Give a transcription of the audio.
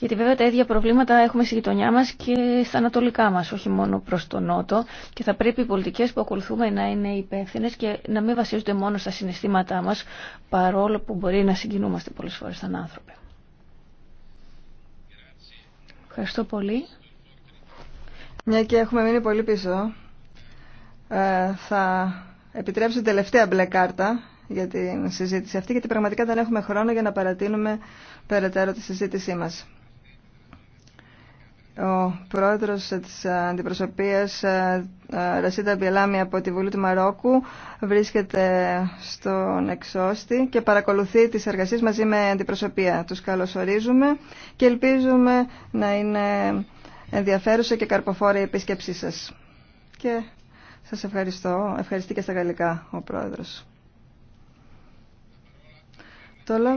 Γιατί βέβαια τα ίδια προβλήματα έχουμε στη γειτονιά μα και στα ανατολικά μα, όχι μόνο προ το νότο. Και θα πρέπει οι πολιτικέ που ακολουθούμε να είναι υπεύθυνε και να μην βασίζονται μόνο στα συναισθήματά μα, παρόλο που μπορεί να συγκινούμαστε πολλέ φορέ σαν άνθρωποι. Ευχαριστώ πολύ. Μια και έχουμε μείνει πολύ πίσω, ε, θα επιτρέψω την τελευταία μπλε κάρτα για την συζήτηση αυτή, γιατί πραγματικά δεν έχουμε χρόνο για να παρατείνουμε περαιτέρω τη συζήτησή μας. Ο πρόεδρος της αντιπροσωπείας ε, ε, Ρασίτα Μπιελάμι από τη Βουλή του Μαρόκου βρίσκεται στον εξώστη και παρακολουθεί τις εργασίες μαζί με αντιπροσωπεία. Τους καλωσορίζουμε και ελπίζουμε να είναι ενδιαφέρουσα και καρποφόρη η επίσκεψή σας. Και σας ευχαριστώ. Ευχαριστεί και στα γαλλικά ο πρόεδρος.